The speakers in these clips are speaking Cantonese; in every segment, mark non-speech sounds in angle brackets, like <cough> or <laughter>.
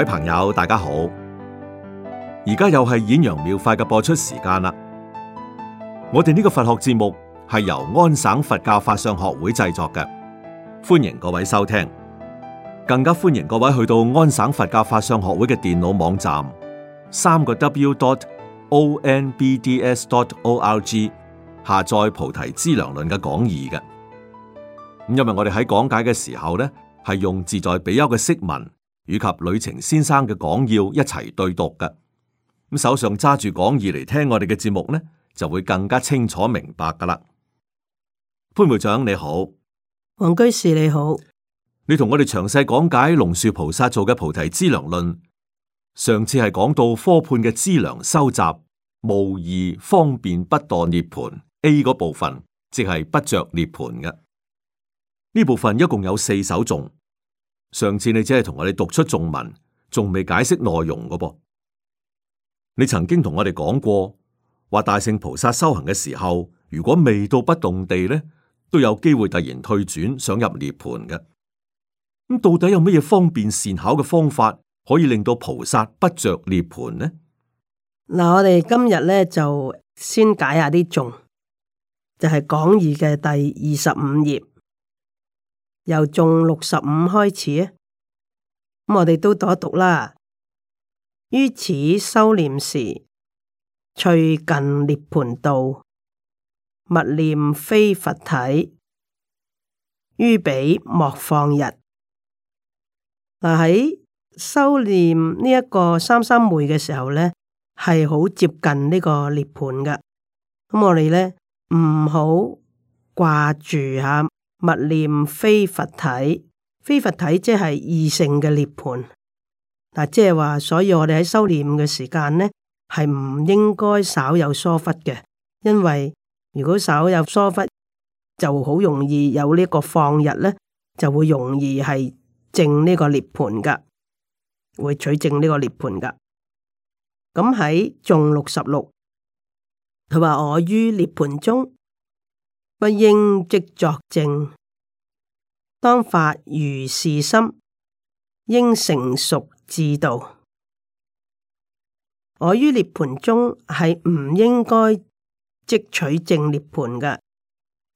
各位朋友，大家好！而家又係《演揚妙法》嘅播出時間啦。我哋呢個佛學節目係由安省佛教法相學會製作嘅，歡迎各位收聽。更加歡迎各位去到安省佛教法相學會嘅電腦網站，三個 w.dot.o.n.b.d.s.dot.o.r.g 下載《菩提資糧論》嘅講義嘅。因為我哋喺講解嘅時候咧，係用自在比丘嘅釋文。以及旅程先生嘅講要一齊對讀噶，咁手上揸住講義嚟聽我哋嘅節目呢，就會更加清楚明白噶啦。潘會長你好，黃居士你好，你同我哋詳細講解龍樹菩薩做嘅菩提資糧論。上次係講到科判嘅資糧收集，無疑方便不墮涅盤 A 嗰部分，即係不着涅盤嘅呢部分一共有四首頌。上次你只係同我哋讀出頌文，仲未解釋內容噶噃？你曾經同我哋講過，話大聖菩薩修行嘅時候，如果未到不動地咧，都有機會突然退轉，想入涅槃嘅。咁到底有乜嘢方便善巧嘅方法，可以令到菩薩不着涅槃呢？嗱，我哋今日咧就先解下啲頌，就係講義嘅第二十五頁。由頌六十五開始，咁我哋都讀一讀啦。於此修念時，趨近涅盤道，勿念非佛體，於彼莫放逸。嗱，喺修念呢一個三三昧嘅時候咧，係好接近呢個涅盤噶。咁我哋咧唔好掛住吓。勿念非佛體，非佛體即係異性嘅涅盤。嗱，即係話，所以我哋喺修煉嘅時間呢，係唔應該稍有疏忽嘅，因為如果稍有疏忽，就好容易有呢個放逸呢，就會容易係正呢個涅盤噶，會取正呢個涅盤噶。咁喺頌六十六，佢話我於涅盤中。不應即作證，當發如是心，應成熟智道。我於涅槃中係唔應該即取正涅槃嘅，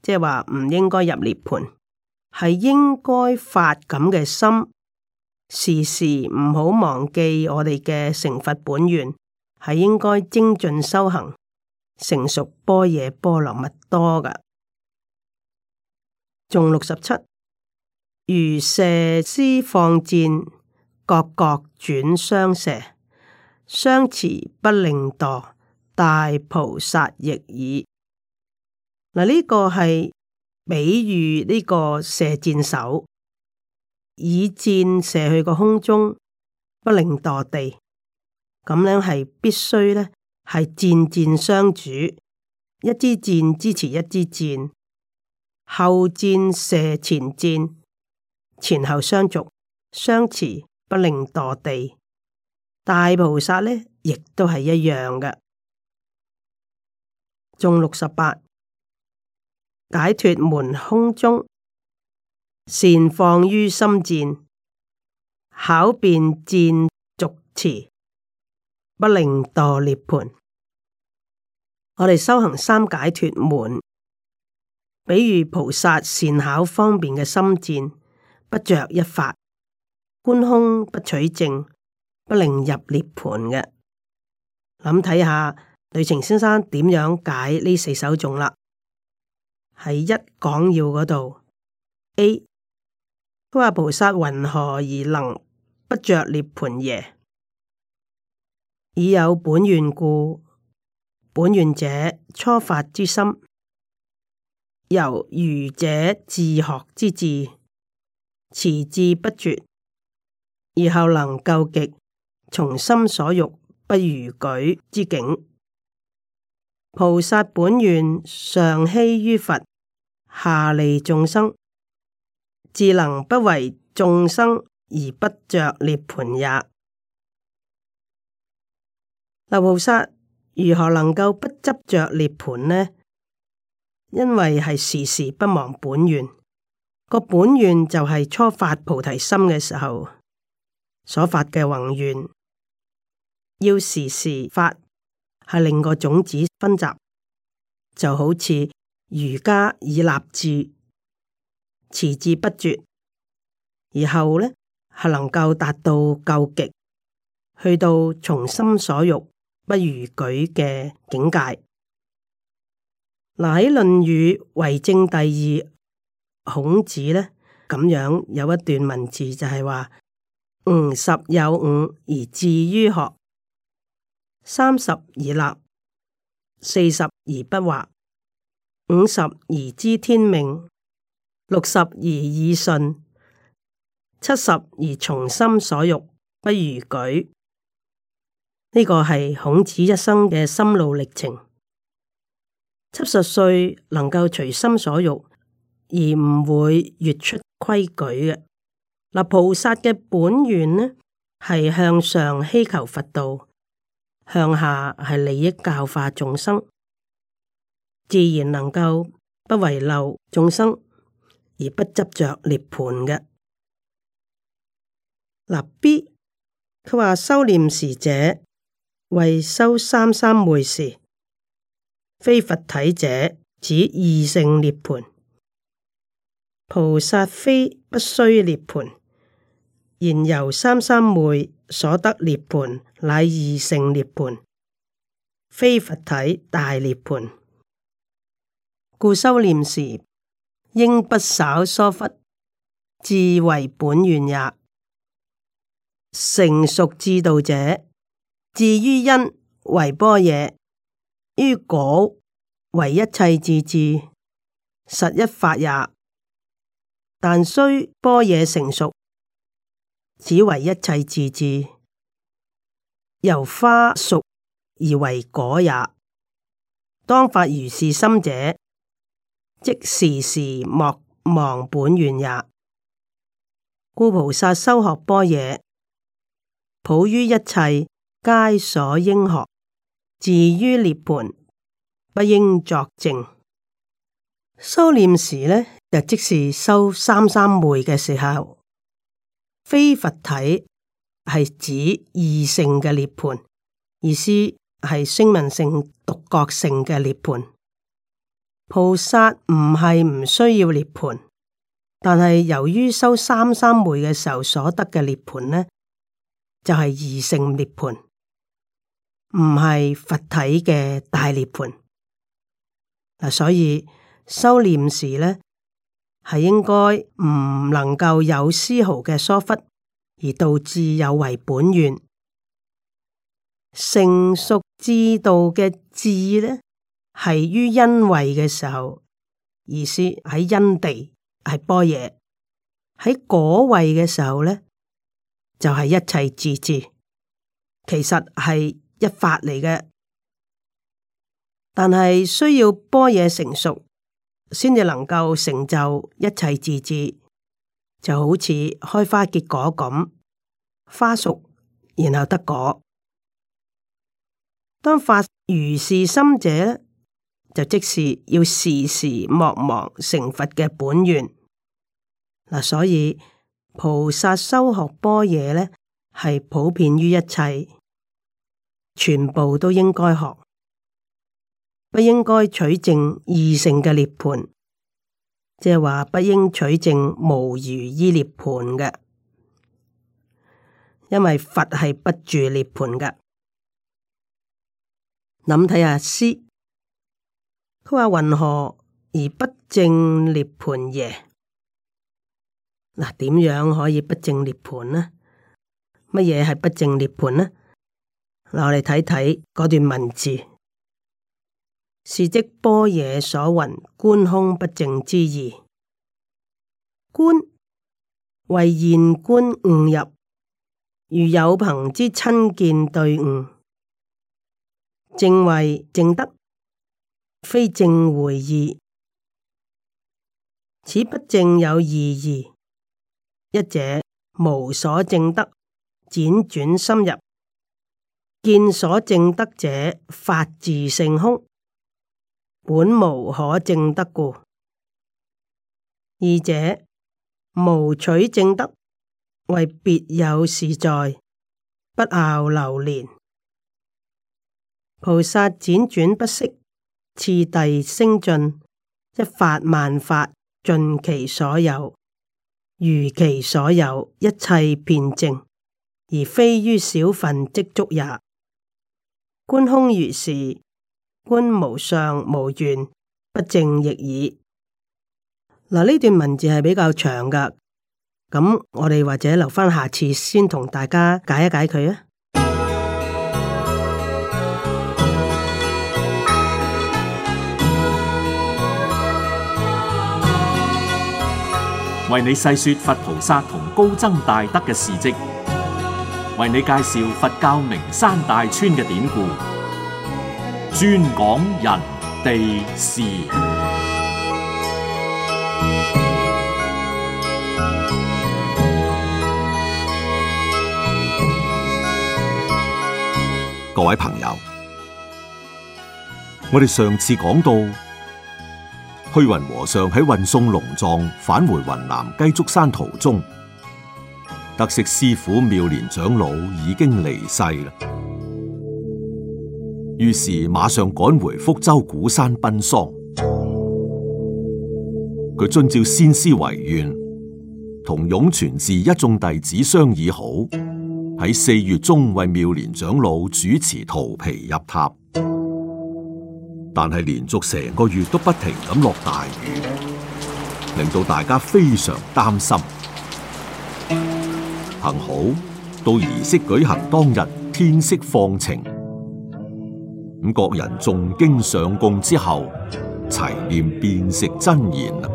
即係話唔應該入涅槃，係應該發咁嘅心，時時唔好忘記我哋嘅成佛本願，係應該精進修行，成熟般若波羅蜜多嘅。仲六十七，67，如射師放箭，各各轉相射，相持不令墮，大菩薩亦爾。嗱，呢個係比喻呢個射箭手，以箭射去個空中，不令墮地。咁樣係必須咧，係箭箭相主，一支箭支持一支箭。後箭射前箭，前後相續相持，不令墮地。大菩薩呢，亦都係一樣嘅。頌六十八，解脱門空中，善放於心箭，巧辯箭續持，不令墮涅盤我哋修行三解脱門。比如菩薩善巧方便嘅心戰，不着一法，觀空不取正，不令入涅盤嘅，諗睇下呂澂先生點樣解呢四首頌啦。喺一講要嗰度，A 都話菩薩云何而能不着涅盤耶？以有本願故，本願者初發之心。由愚者自學之智，持志不絕，而後能夠極從心所欲，不逾矩之境。菩薩本願上希於佛下利眾生，自能不為眾生而不着涅槃也。那菩薩如何能夠不執着涅槃呢？因為係時時不忘本願，個本願就係初發菩提心嘅時候所發嘅宏願，要時時發，係令個種子分集，就好似儒家以立志持志不絕，而後呢，係能夠達到究竟，去到從心所欲不逾矩嘅境界。嗱喺《論語》為政第二，孔子呢，咁樣有一段文字就係話：吾、嗯、十有五而志于學，三十而立，四十而不惑，五十而知天命，六十而耳順，七十而從心所欲，不逾矩。呢、這個係孔子一生嘅心路歷程。七十歲能夠隨心所欲而唔會越出規矩嘅嗱，菩薩嘅本願呢係向上希求佛道，向下係利益教化眾生，自然能夠不遺漏眾生而不執着涅槃嘅嗱。B 佢話修念時者為修三三昧時。非佛體者，指二性涅槃。菩薩非不須涅槃，然由三三昧所得涅槃，乃二性涅槃，非佛體大涅槃。故修念時，應不稍疏忽，自為本願也。成熟智道者，至於因，為波也。於果為一切智智，實一法也，但雖般若成熟，只為一切智智。由花熟而為果也。當發如是心者，即時時莫忘本願也。故菩薩修學般若，普於一切皆所應學。至於涅槃，不應作證。修煉時呢，就即是修三三昧嘅時候，非佛體係指異性嘅涅槃，意思係聲聞性、獨覺性嘅涅槃。菩薩唔係唔需要涅槃，但係由於修三三昧嘅時候所得嘅涅槃呢，就係、是、異性涅槃。唔係佛體嘅大涅槃、啊、所以修煉時呢係應該唔能夠有絲毫嘅疏忽，而導致有違本願。成熟之道嘅智呢係於因位嘅時候而是喺因地係般若。喺果位嘅時候呢，就係、是、一切智智。其實係。一法嚟嘅，但係需要般若成熟，先至能夠成就一切智智，就好似開花結果咁，花熟然後得果。當發如是心者，就即是要時時莫忘成佛嘅本願。嗱，所以菩薩修學般若咧，係普遍於一切。全部都應該學，不應該取正二乘嘅涅槃，即係話不應取正無餘依涅槃嘅，因為佛係不住涅槃嘅。諗睇下詩，佢話云何而不正涅槃耶？嗱、啊，點樣可以不正涅槃呢？乜嘢係不正涅槃呢？攞嚟睇睇嗰段文字，是即般若所云觀空不正之意。觀為現觀悟入，如有朋之親見對悟，正為正德，非正回意。此不正有二義：一者無所正德，輾轉深入。見所證得者，法自性空，本無可證得故。二者無取證得，為別有事在，不拗流年。菩薩輾轉不息，次第升進，一法萬法盡其所有，如其所有一切遍正，而非於小份積足也。觀空如是，觀無相無願，不正亦已。嗱，呢段文字係比較長噶，咁我哋或者留翻下，下次先同大家解，解一解佢啊。為你細說佛菩薩同高僧大德嘅事跡。為你介紹佛教名山大川嘅典故，專講人地事。各位朋友，我哋上次講到，虛雲和尚喺運送龍藏返回雲南雞足山途中。得悉師父妙蓮長老已經離世啦，於是馬上趕回福州鼓山奔喪。佢遵照先師遺願，同湧泉寺一眾弟子商議好，喺四月中為妙蓮長老主持荼毗入塔。但係連續成個月都不停咁落大雨，令到大家非常擔心。行好，到儀式舉行當日，天色放晴。咁各人誦經上供之後，齊念辯識真言。 <music>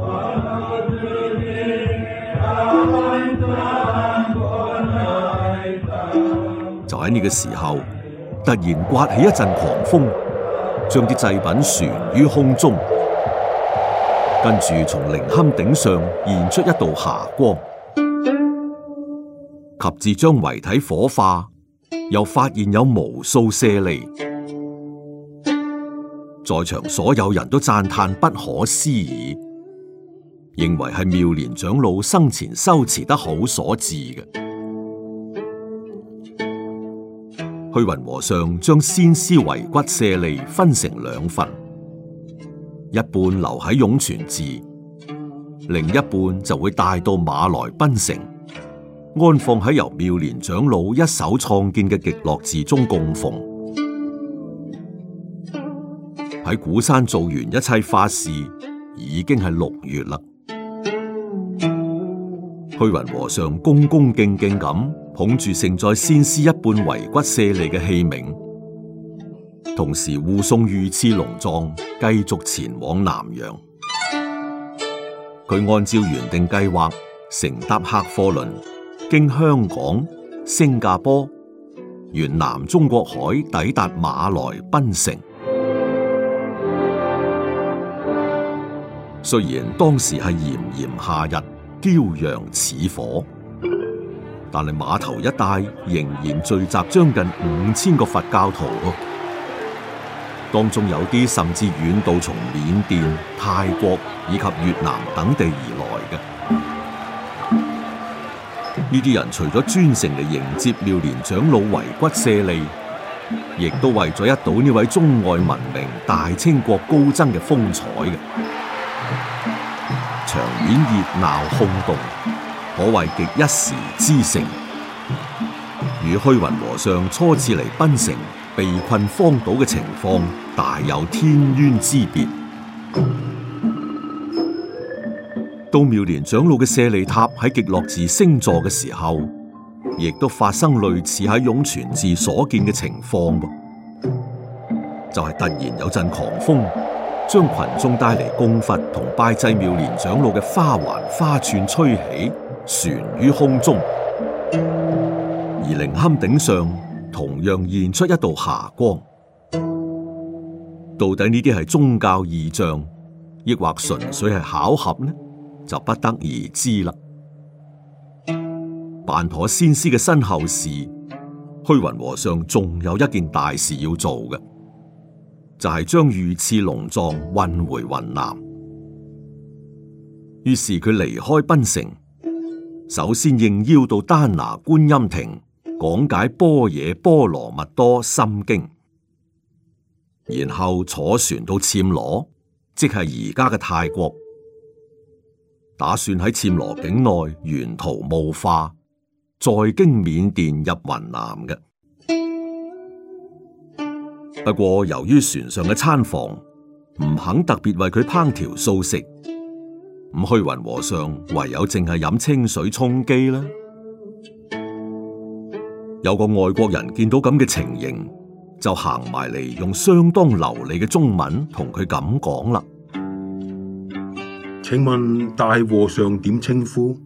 就喺呢個時候，突然颳起一陣狂風，將啲祭品旋於空中，跟住從靈龕頂上現出一道霞光。十字將遺體火化，又發現有無數舍利，在場所有人都讚嘆不可思議，認為係妙蓮長老生前修持得好所致嘅。虛雲和尚將先師遺骨舍利分成兩份，一半留喺湧泉寺，另一半就會帶到馬來賓城。安放喺由妙蓮長老一手創建嘅極樂寺中供奉。喺鼓山做完一切法事，已經係六月啦。虛雲和尚恭恭敬敬咁捧住盛載先師一半遺骨舍利嘅器皿，同時護送御賜龍藏，繼續前往南洋。佢按照原定計劃，乘搭客貨輪。經香港、新加坡、沿南中國海抵達馬來檳城。雖然當時係炎炎夏日，驕陽似火，但係碼頭一帶仍然聚集將近五千個佛教徒，當中有啲甚至遠道從緬甸、泰國以及越南等地而來嘅。呢啲人除咗專程嚟迎接妙蓮長老遺骨舍利，亦都為咗一睹呢位中外聞名、大清國高僧嘅風采嘅，場面熱鬧轟動，可謂極一時之盛。與虛雲和尚初次嚟檳城被困荒島嘅情況，大有天淵之別。到妙蓮長老嘅舍利塔喺極樂寺升座嘅時候，亦都發生類似喺湧泉寺所見嘅情況，就係、是、突然有陣狂風將群眾帶嚟供佛同拜祭妙蓮長老嘅花環花串吹起，旋於空中，而靈龕頂上同樣現出一道霞光。到底呢啲係宗教異象，亦或純粹係巧合呢？就不得而知啦。辦妥先師嘅身後事，虛雲和尚仲有一件大事要做嘅，就係、是、將玉次龍狀運回雲南。於是佢離開檳城，首先應邀到丹拿觀音亭講解《般若波羅蜜多心經》，然後坐船到暹羅，即係而家嘅泰國。打算喺暹羅境內沿途募化，再經緬甸入雲南嘅。不過由於船上嘅餐房唔肯特別為佢烹調素食，咁虛雲和尚，唯有淨係飲清水充飢。呢有個外國人見到咁嘅情形，就行埋嚟用相當流利嘅中文同佢咁講啦。請問大和尚點稱呼？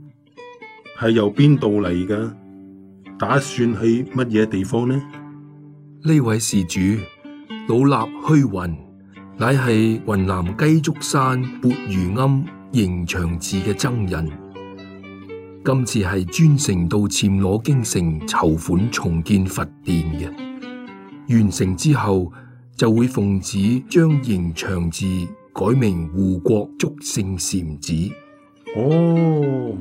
係由邊度嚟噶？打算去乜嘢地方呢？呢位施主，老衲虛雲，乃係雲南雞足山鉢盂庵迎祥寺嘅僧人，今次係專程到暹羅京城籌款重建佛殿嘅，完成之後就會奉旨將迎祥寺。改名護國祝聖禪寺。哦，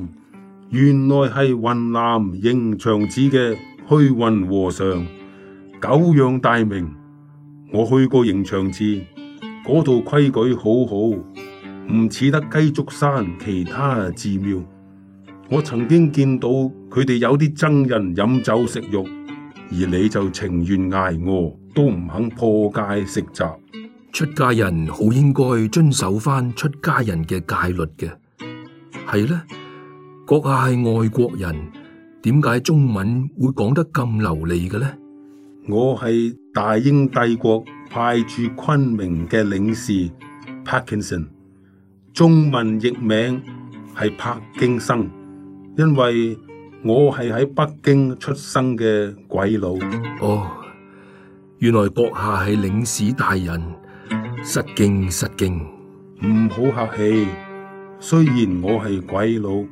原來係雲南迎祥寺嘅虛雲和尚，久仰大名。我去過迎祥寺，嗰度規矩好好，唔似得雞足山其他寺廟。我曾經見到佢哋有啲僧人飲酒食肉，而你就情願挨餓都唔肯破戒食齋。出家人好應該遵守翻出家人嘅戒律嘅，係咧。閣下係外國人，點解中文會講得咁流利嘅咧？我係大英帝國派駐昆明嘅領事帕金森。中文譯名係帕京生，因為我係喺北京出生嘅鬼佬。哦，原來閣下係領事大人。失敬失敬，唔好客氣。雖然我係鬼佬，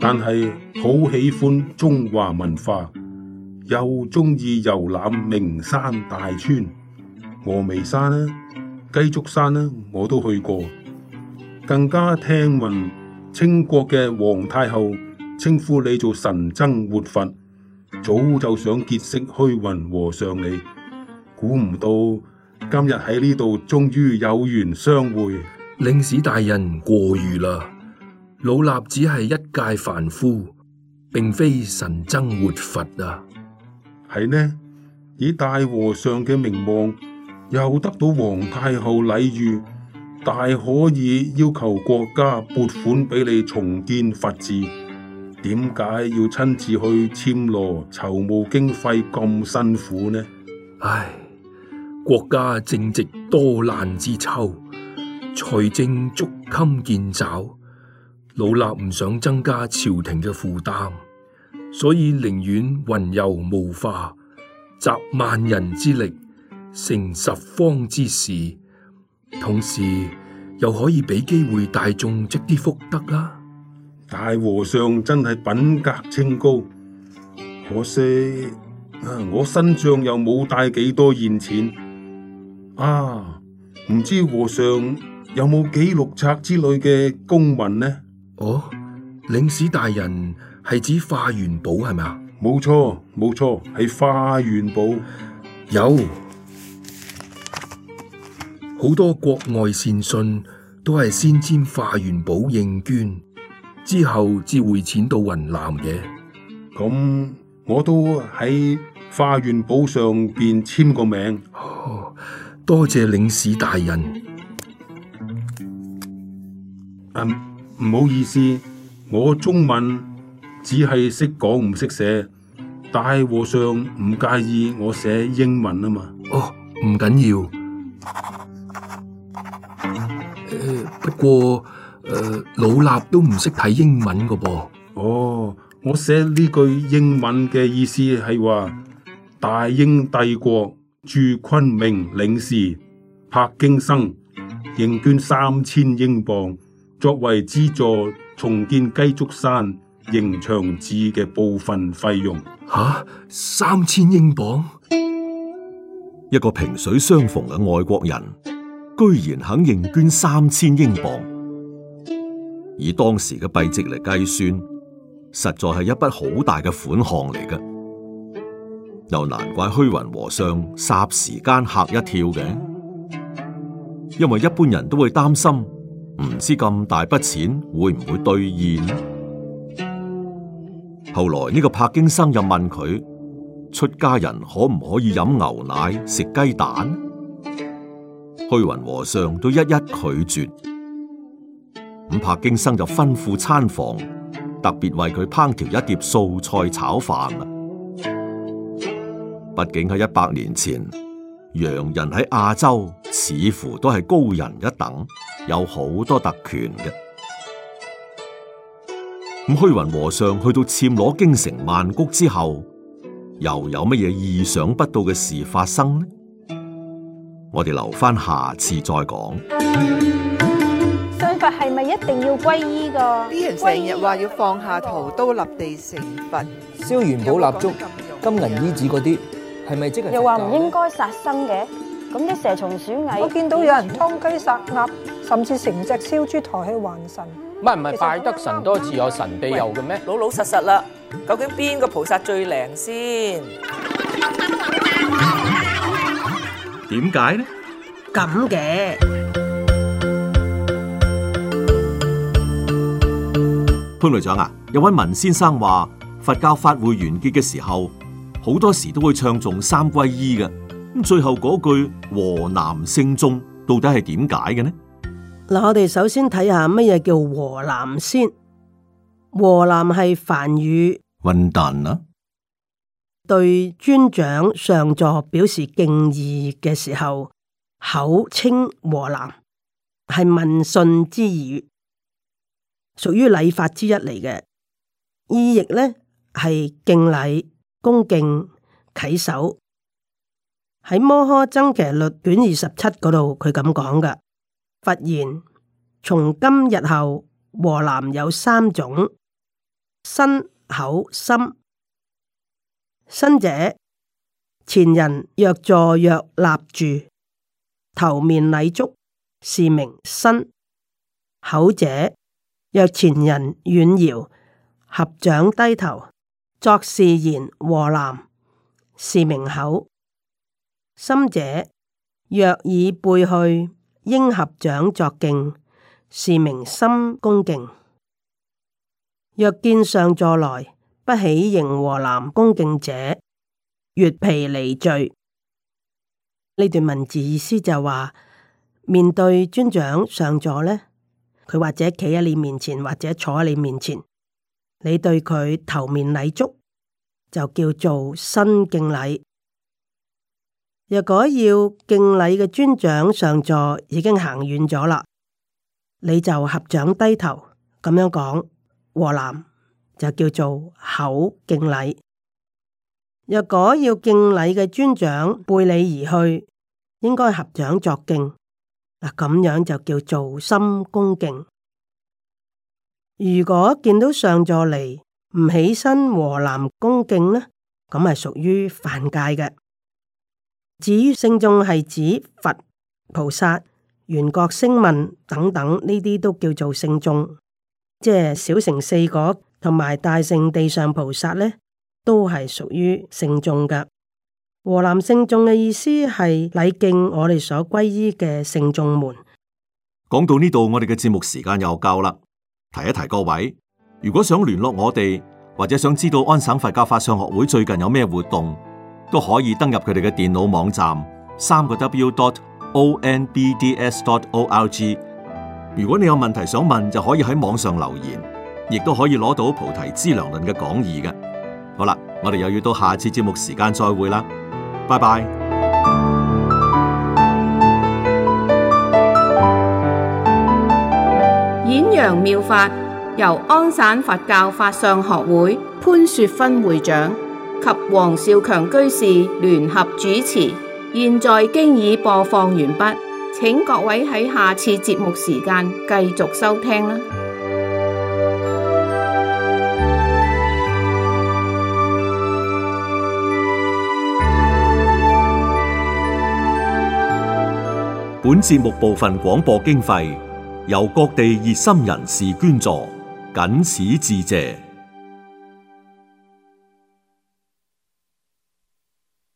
但係好喜歡中華文化，又鍾意遊覽名山大川，峨眉山啦、雞足山啦，我都去過。更加聽聞清國嘅皇太后稱呼你做神僧活佛，早就想結識虛雲和尚你，估唔到。今日喺呢度終於有緣相會。領事大人過譽啦。老衲只係一介凡夫，並非神僧活佛啊。係呢，以大和尚嘅名望，又得到皇太后禮遇，大可以要求國家撥款俾你重建佛寺。點解要親自去簽羅籌募經費咁辛苦呢？唉。國家正值多難之秋，財政捉襟見肘，老衲唔想增加朝廷嘅負擔，所以寧願雲游募化，集萬人之力，成十方之事，同時又可以俾機會大眾積啲福德啦、啊。大和尚真係品格清高，可惜我身上又冇帶幾多現錢。啊，唔知和尚有冇記錄冊之類嘅公文呢？哦，領事大人係指化緣簿係咪啊？冇錯冇錯，係化緣簿。有好多國外善信都係先簽化緣簿認捐，之後至匯錢到雲南嘅。咁我都喺化緣簿上邊簽個名。哦多謝領事大人。嗯、啊、唔好意思，我中文只係識講唔識寫，大和尚唔介意我寫英文啊嘛。哦，唔緊要。不過、呃、老衲都唔識睇英文噶噃。哦，我寫呢句英文嘅意思係話大英帝國。駐昆明領事柏京生認捐三千英鎊，作為資助重建雞足山迎祥寺嘅部分費用。吓、啊，三千英鎊，一個萍水相逢嘅外國人，居然肯認捐三千英鎊，以當時嘅幣值嚟計算，實在係一筆好大嘅款項嚟嘅。又難怪虛雲和尚霎時間嚇一跳嘅，因為一般人都會擔心唔知咁大筆錢會唔會兌現。後來呢個柏京生又問佢出家人可唔可以飲牛奶、食雞蛋？虛雲和尚都一一拒絕。咁柏京生就吩咐餐房特別為佢烹調一碟素菜炒飯。畢竟喺一百年前，洋人喺亞洲似乎都係高人一等，有好多特權嘅。咁虛雲和尚去到暹羅京城曼谷之後，又有乜嘢意想不到嘅事發生呢？我哋留翻下，下次再講。信佛係咪一定要皈依噶？啲人成日話要放下屠刀立地成佛，燒元寶蠟燭、金銀衣紙嗰啲。係咪即係？又話唔應該殺生嘅，咁啲蛇蟲鼠蟻，我見到有人劏雞殺鴨，甚至成隻燒豬抬去還神。唔係拜得神多自有神庇佑嘅咩？老老實實啦，究竟邊個菩薩最靈先？點解呢？咁嘅潘隊長啊，有位文先生話佛教法會完結嘅時候。好多時都會唱誦三皈依嘅，咁最後嗰句和南聖眾到底係點解嘅呢？嗱，我哋首先睇下乜嘢叫和南先。和南係梵語，混蛋啦！對尊長上座表示敬意嘅時候，口稱和南，係問訊之語，屬於禮法之一嚟嘅。意譯呢，係敬禮。恭敬、啟手。喺摩訶僧祇律卷二十七嗰度，佢咁講嘅，佛言從今日後，和南有三種：身、口、心。身者，前人若坐若立住，頭面禮足，是名身；口者，若前人遠搖合掌低頭。作是言，和南，是名口。心者，若以背去，應合掌作敬，是名心恭敬。若見上座來，不起迎和南恭敬者，越毗尼罪。呢段文字意思就話，面對尊長上座呢，佢或者企喺你面前，或者坐喺你面前。你對佢頭面禮足，就叫做身敬禮；若果要敬禮嘅尊長上座已經行遠咗啦，你就合掌低頭咁樣講和南，就叫做口敬禮；若果要敬禮嘅尊長背你而去，應該合掌作敬，嗱咁樣就叫做心恭敬。如果見到上座嚟唔起身和南恭敬呢，咁係屬於犯戒嘅。至於聖眾係指佛菩薩、緣覺聲聞等等呢啲都叫做聖眾，即係小乘四果同埋大乘地上菩薩呢，都係屬於聖眾噶。和南聖眾嘅意思係禮敬我哋所皈依嘅聖眾們。講到呢度，我哋嘅節目時間又夠啦。提一提各位，如果想聯絡我哋，或者想知道安省佛教法相學會最近有咩活動，都可以登入佢哋嘅電腦網站，三個 w dot o n b d s dot o r g。如果你有問題想問，就可以喺網上留言，亦都可以攞到《菩提資糧論》嘅講義嘅。好啦，我哋又要到下次節目時間再會啦，拜拜。顯揚妙法，由安省佛教法相學會潘雪芬會長及黃少強居士聯合主持，現在經已播放完畢，請各位喺下次節目時間繼續收聽啦。本節目部分廣播經費，由各地熱心人士捐助，謹此致謝。